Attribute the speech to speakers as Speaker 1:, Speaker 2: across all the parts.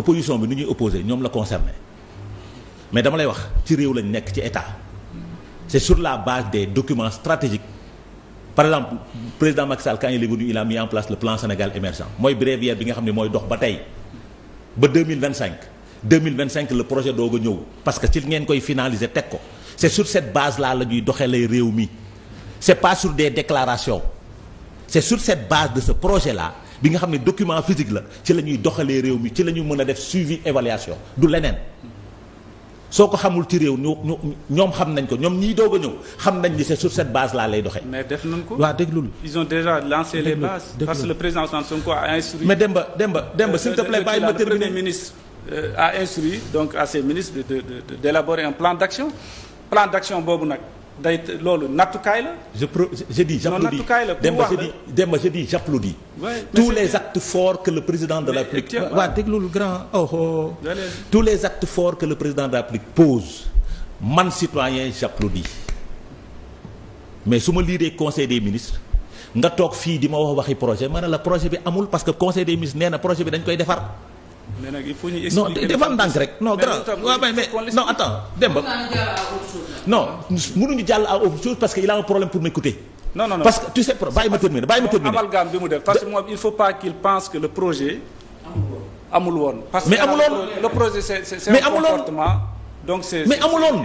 Speaker 1: opposition bi nu ñuy opposé ñoom la concerné mais dama lay wax ci réew lañ nekk ci état c'est sur la base des document stratégiques par exemple président Macky Sall quand la est venu il a mis en place le plan Sénégal émergent mooy bréviaire bi nga xam ne mooy dox ba tey ba 2025 2025 le projet doo a ñëw parce que ci ngeen koy finaliser teg ko c'est sur cette base là la ñuy doxalee réew mi c'est pas sur des déclaration c'est sur cette base de ce projet là bi nga xam ne document physique la ci la ñuy doxalee réew mi ci la ñuy mën a def suivi évaluation du leneen soo ko xamul ci réew ñu ñu ñoom xam nañ ko ñoom ñii doog a ñëw xam nañ ni c'est sur cette base là lay doxe
Speaker 2: mais def nañ ko waaw déglul. ils ont lancé les bases. parce que le président Ousmane Sonko a instruit. mais Demba Demba
Speaker 1: Demba s'il te plaît euh, bàyyi ma euh, terminer le premier
Speaker 2: euh, a instruit donc à ses ministres de de d'élaborer un plan d'action plan d'action boobu nag. day loolu nattukaay la.
Speaker 1: je pro je dis j'applaudis nattukaay la Demba je dis Demba je dis tous les actes forts que le président de la République. waa déglu lu
Speaker 2: grand oh oh.
Speaker 1: tous les actes forts que le président de la République pose man citoyen j'applaudis mais su ma liiree conseil des ministres nga toog fii di ma wax waxi projet ma ne la projet bi amul parce que conseil des ministres nee na projet bi dañ koy defar.
Speaker 2: mais nag il faut ñu expliquer non defal
Speaker 1: ndànk rek non grand waaw mais mais non attends Demba jàll à autre chose parce que il a un problème pour m'écouter non non non parce que tu sais bàyyi ma terminer bàyyi ma terminer
Speaker 2: parce que moom il faut pas qu'il pense que le projet amul woon parce que mais amul woon le projet c'est mais amul woon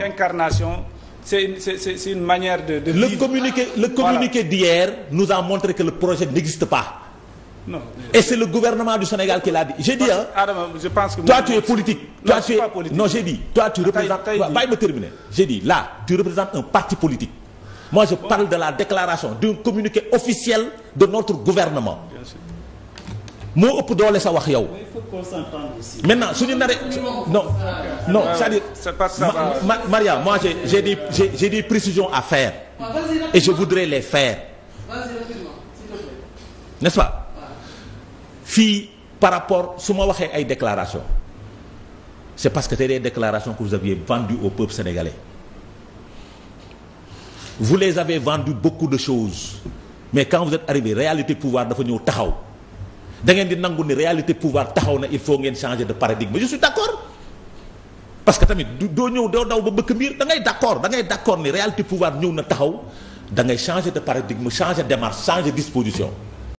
Speaker 2: c'est une manière de de le communiqué le communiqué d'hier nous a montré
Speaker 1: que le projet n'existe pas non c'est le gouvernement du Sénégal qui l'a dit j'ai dit que. toi tu es politique. toi tu es non j'ai dit. toi tu représentes un parti politique. moi je parle de la déclaration d'un communiqué officiel de notre gouvernement. moo ëpp doole sa wax yow.
Speaker 2: maintenant suñu naree. non non c'est-à-dire.
Speaker 1: ma Maria moi j'ai j'ai j'ai des précisions à faire. et je voudrais les faire. n'est-ce pas. fii par rapport su ma waxee ay déclaration c'est parce que c'est des déclarations que vous aviez vendues au peuple sénégalais vous les avez vendu beaucoup de choses mais quand vous êtes arrivé réalité pouvoir dafa ñëw taxaw da ngeen di nangu ni réalité pouvoir taxaw na il faut ngeen changer de paradigme je suis d'accord parce que tamit doo ñëw doo daw ba bëkk miir da ngay d'accord da ngay d'accord ni réalité pouvoir ñëw na taxaw da ngay changer de paradigme changer démarche changer disposition